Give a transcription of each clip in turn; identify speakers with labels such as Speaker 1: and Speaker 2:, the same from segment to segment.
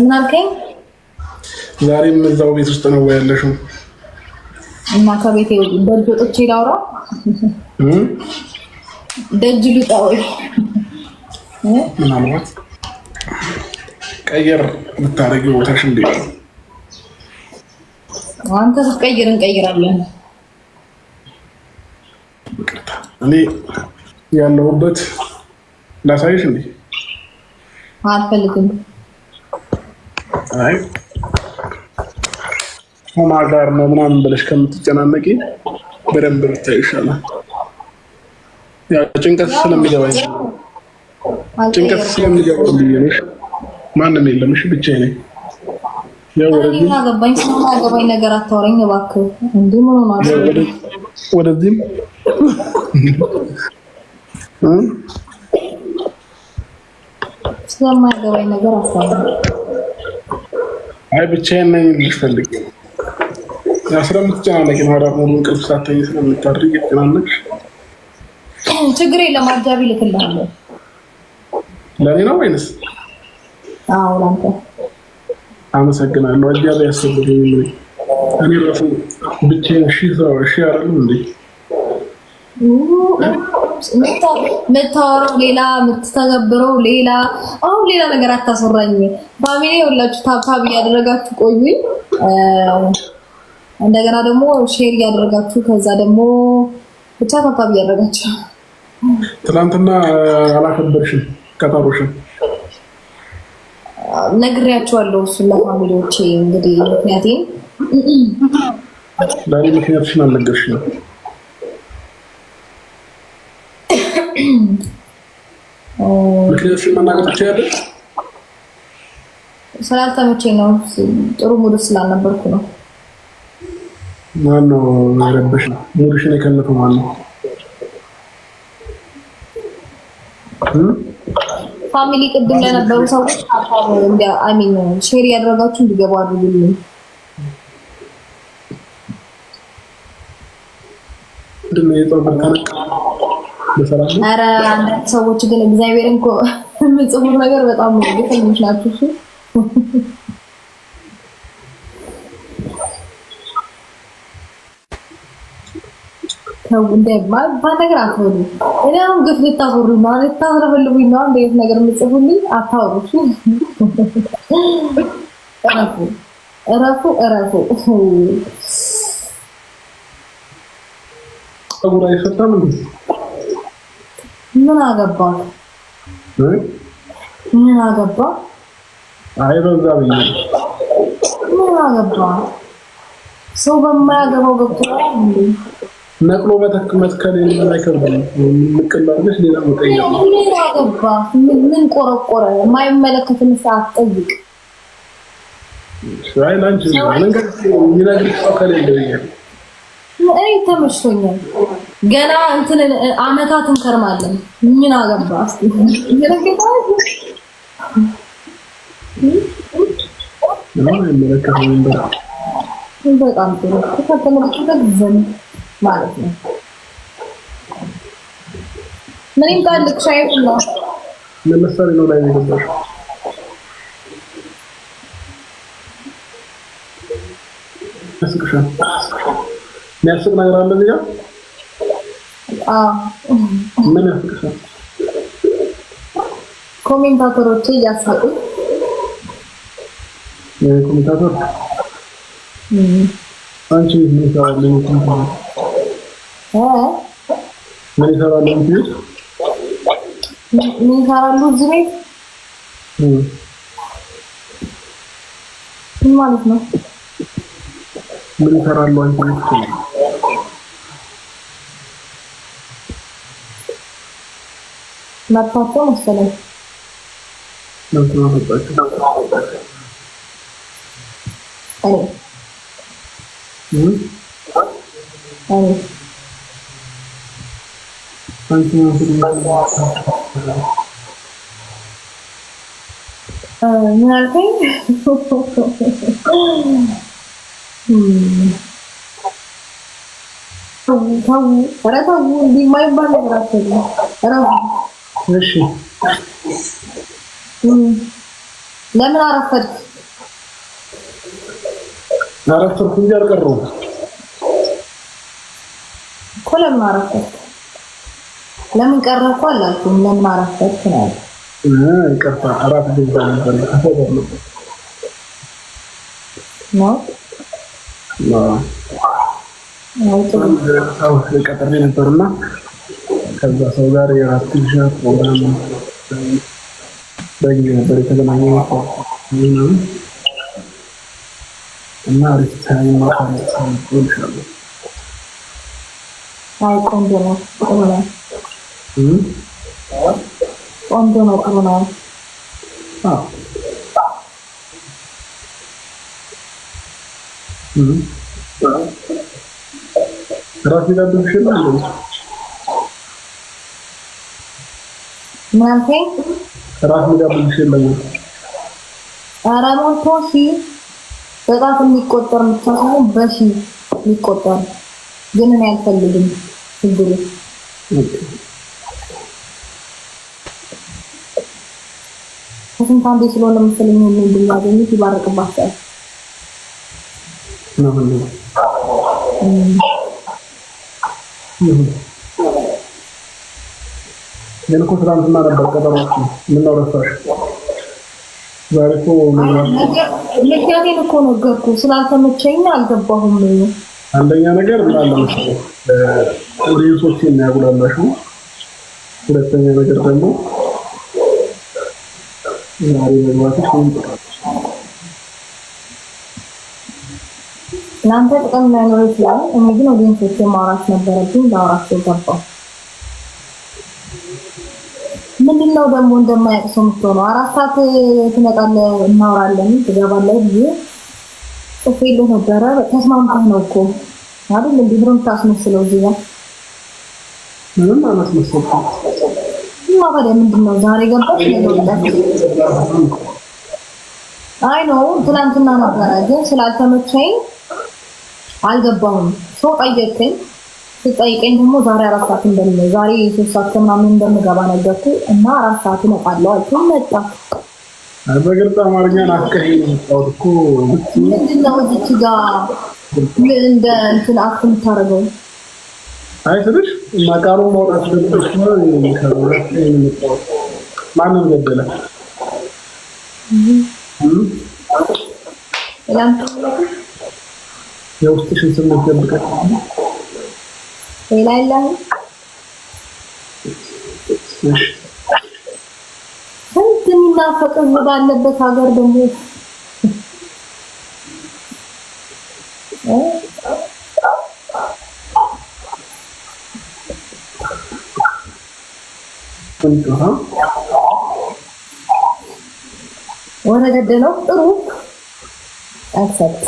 Speaker 1: እናልከኝ
Speaker 2: ዛሬም እዛው ቤት ውስጥ ነው ያለሽው?
Speaker 1: እና ከቤት ደጅ ወጥቼ ላውራ ደጅ ልውጣ ወይ
Speaker 2: ምናልባት ቀየር ብታደርጊው ቦታሽ እንዴ
Speaker 1: አንተ ስትቀይር እንቀይራለን።
Speaker 2: እኔ ያለሁበት ላሳይሽ እንዴ? አልፈልግም። አይ ከማ ጋር ነው ምናምን ብለሽ ከምትጨናነቂ በደንብ ብታይ ይሻላል። ያው ጭንቀት ስለሚገባኝ ጭንቀት ማንም የለም። እሺ ነኝ።
Speaker 1: ነገር አታወራኝ እባክህ። ምን
Speaker 2: ወደዚህም
Speaker 1: ስለማይገባኝ ነገር አስታውሳለሁ።
Speaker 2: አይ ብቻዬን ነኝ ልፈልግ ስለምትጨናነቂ ነው። ደግሞ እንቅልፍ ሳተኝ ስለምታድሪ እየተጨናነቅሽ
Speaker 1: ችግር የለም። አጃቢ ልክልሃለሁ።
Speaker 2: ለእኔ ነው ወይንስ? አዎ ለአንተ። አመሰግናለሁ። አጃቢ ያስፈልገኝ እኔ ራሱ ብቻዬን ሺህ ሰው ሺህ አይደለም እንዴ
Speaker 1: የምታወራው ሌላ፣ የምትተገብረው ሌላ። አሁን ሌላ ነገር አታስወራኝ። ፋሚሊ ሁላችሁ ታብታብ እያደረጋችሁ ቆዩኝ። እንደገና ደግሞ ሼር እያደረጋችሁ ከዛ ደግሞ ብቻ ታብታብ እያደረጋችሁ
Speaker 2: ትናንትና አላከበርሽም ቀጠሮሽን
Speaker 1: ነግሬያቸዋለሁ። እሱን ለፋሚሊዎቼ እንግዲህ ምክንያቴም
Speaker 2: ለእኔ ምክንያትሽን አልነገርሽም። ምክንያቱም መናገር ትችያለሽ።
Speaker 1: ስላልተመቸኝ ነው። ጥሩ ሙድ ስላልነበርኩ ነው።
Speaker 2: ማነው የረበሽ ሙድሽን የከለፈው ማነው?
Speaker 1: ፋሚሊ ቅድም ለነበሩ ሰዎች ሚን ሼር ያደረጋችሁ እንዲገቡ አድርጉልኝ። ምንድነው የጦር ኧረ አንዳንድ ሰዎች ግን እግዚአብሔርን እኮ የምጽፉት ነገር በጣም ገፈኞች ናቸው። ነገር አትበሉ። እኔ አሁን ግፍ ልታወሩ ማለት ታዝረፈልጉኝ ነው። እንዴት ነገር የምጽፉልኝ አታወሩ። እረፉ፣ እረፉ፣ እረፉ።
Speaker 2: ጸጉር አይፈታም እንዴ?
Speaker 1: ምን አገባ ምን አገባ?
Speaker 2: አይ በዛ ብዬ
Speaker 1: ምን አገባ? ሰው በማያገባው ገብቶ
Speaker 2: ነቅሎ በተክ መትከል የማይከብድ ምቅል አገባ?
Speaker 1: ምን ቆረቆረ? የማይመለከትን ሰዓት ጠይቅ።
Speaker 2: አይ ሰው ከሌለ ብዬ
Speaker 1: እኔ ተመችቶኛል። ገና እንትን አመታት እንከርማለን። ምን አገባ በጣም ጥሩ ማለት ነው። ምን ይምጣልክ? ሻይ ቡና
Speaker 2: ለምሳሌ ነው ላይ ይገባሽ ያስቅሻል። የሚያስቅ ነገር አለ እዚህ ጋር ምን ያፍቅሻል?
Speaker 1: ኮሜንታተሮቹ እያሳቁ
Speaker 2: ኮሜንታተር አንቺ ምን ይሰራል? ምን ይሰራል?
Speaker 1: ምን ይሰራሉ እዚህ ቤት ምን ማለት ነው?
Speaker 2: ምን ይሰራሉ አንቺ
Speaker 1: መጥቷቸው መሰለኝ
Speaker 2: ምን አልከኝ?
Speaker 1: ኧረ ተው እንዲህ የማይባል ነገር እሺ ለምን አረፈድክ?
Speaker 2: አረፈድኩ እንጂ አልቀረሁም
Speaker 1: እኮ። ለምን አረፈድክ? ለምን ቀረኩ አላልኩም። ለምን አረፈድክ ነው።
Speaker 2: ይቅርታ አራት ደዛ ነበር ነው ነው ቀጠሬ ነበርና ከዛ ሰው ጋር የራት ግብዣ ፕሮግራም በጊዜ ነበር የተገናኘ እና አሪፍ ታይም ማሳለፍ
Speaker 1: አይ ቆንጆ ነው፣ ጥሩ ነው፣ ቆንጆ ነው፣ ጥሩ ነው።
Speaker 2: ራት ቤት አድርግሽላ ምናልከኝ ራስ ምዳብልሽ የለም።
Speaker 1: ኧረ ሞልቶ ሺ በጣት የሚቆጠር ብቻ ሳይሆን በሺ የሚቆጠር ግን እኔ አልፈልግም። ችግሩ ከስንት አንዴ ስለሆነ መሰለኝ እንደሚያገኙት ይባረቅባቸዋል።
Speaker 2: ነው ነው ልኩ ትናንትና ነበር ቀጠሮ። ምነው ረሳሽ? ዛሬ እኮ
Speaker 1: ምክንያቴን እኮ ነገርኩ። ስላልተመቸኝ አልገባሁም።
Speaker 2: አንደኛ ነገር ምን አለ መሰለኝ ኦዲየንሶች የሚያጉላላሹ፣ ሁለተኛ ነገር ደግሞ ዛሬ መግባትሽ
Speaker 1: ለአንተ ጥቅም ላይኖር ይችላል። እኔ ግን ኦዲየንሶች ማውራት ነበረብኝ፣ ለአውራቸው ገባሁ ምንድን ነው ደግሞ እንደማያውቅ ሰው የምትሆነው? አራት ሰዓት ትመጣለህ፣ እናወራለን፣ ትገባለህ ብዬ ጽፌልህ ነበረ። ተስማምተህ ነው እኮ አይደል? እንዲህ ብሎ የምታስመስለው እዚህ
Speaker 2: ምንም አላስመስል።
Speaker 1: እና ታዲያ ምንድን ነው ዛሬ ገባች አይ ነው ትናንትና ነበረ፣ ግን ስላልተመቸኝ አልገባሁም። ሰው ጠየቀኝ ስጠይቀኝ ደግሞ ዛሬ አራት ሰዓት እንደምነ ዛሬ ሶስት ሰዓት ከምናምን እንደምገባ ነገርኩ እና አራት ሰዓት እመጣለሁ አልኩኝ። መጣ
Speaker 2: በግልጽ አማርኛ ናፍቀህ የመጣሁት
Speaker 1: እዚች ጋ ምን እንደ እንትን አክት የምታደርገው
Speaker 2: አይ ስልሽ ማቃሩ ማውጣት ማንም ገደለ የውስጥሽን ስሜት ደብቀሽ
Speaker 1: ሌላ የለም። ስንት የሚናፈቀው ባለበት ሀገር ደግሞ ወረገደ ነው ጥሩ አሰጥ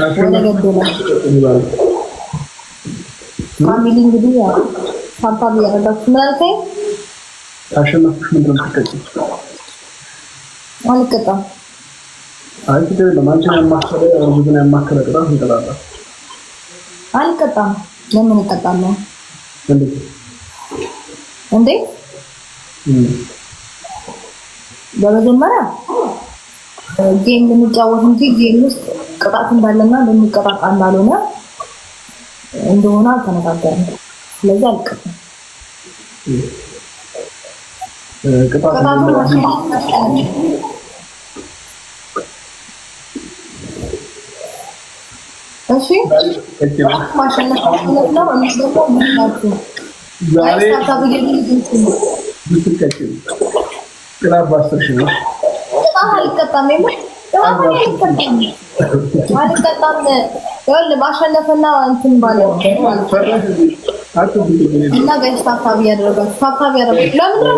Speaker 1: ወረገደ ነው ፋሚሊ እንግዲህ ያው ፋንታም ያረጋችሁ ምን አልከኝ?
Speaker 2: አሸናፊሽ ምንድን ነው የምትቀጭው? አልቀጣም። አይ ችግር የለም። አንቺን ያማከለ ብዙን ያማከለ ቅጣት እንቀጣለን።
Speaker 1: አልቀጣም። ለምን እቀጣለሁ? እንዴት እንዴት? በመጀመሪያ ጌም ልንጫወት እንጂ ጌም ውስጥ ቅጣት እንዳለና ልንቀጣጣ እንዳልሆነ እንደሆነ አልተነጋገርም። ስለዚህ አልቅም ቅጣት አልቀጣም። ማሸነፍና እንትን ባለ እና ጋይስ ታፋቢ ያደረጋል። ታፋቢ ያደረጋል። ለምን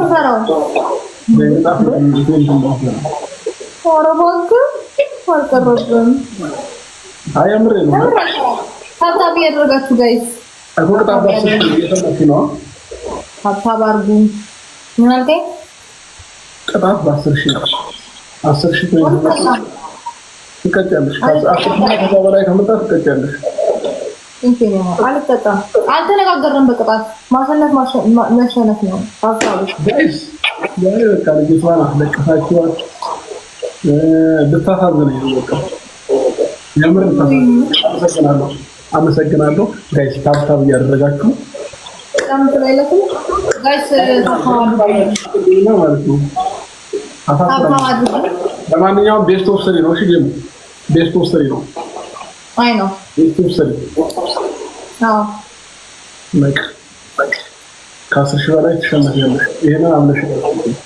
Speaker 1: ምፈራው? አልቀረብም። ታፋቢ ያደረጋችሁ ጋይስ
Speaker 2: ቅጣት በአስር ሺህ ነው። አስር ሺህ ትቀጫለሽ። አስር ከዛ በላይ ከመጣ ትቀጫለሽ።
Speaker 1: አልቀጣም። አልተነጋገርንም። በቅጣት ማሸነፍ መሸነፍ ነው ሀሳቡ።
Speaker 2: ዛሬ በቃ ልጅቷን አስለቅሳችኋል። ብታሳዝነኝ ነው በቃ የምር። አመሰግናለሁ፣ አመሰግናለሁ። ጋይስ ታብታብ እያደረጋችሁ ማለት ነው ለማንኛውም ቤስት ኦፍ ስሪ ነው። እሺ ደግሞ ቤስት ኦፍ ስሪ ነው። አይ ነው ቤስት ኦፍ ስሪ። አዎ ከአስር ሺህ በላይ ትሸነፊያለሽ። ይሄንን አምነሽ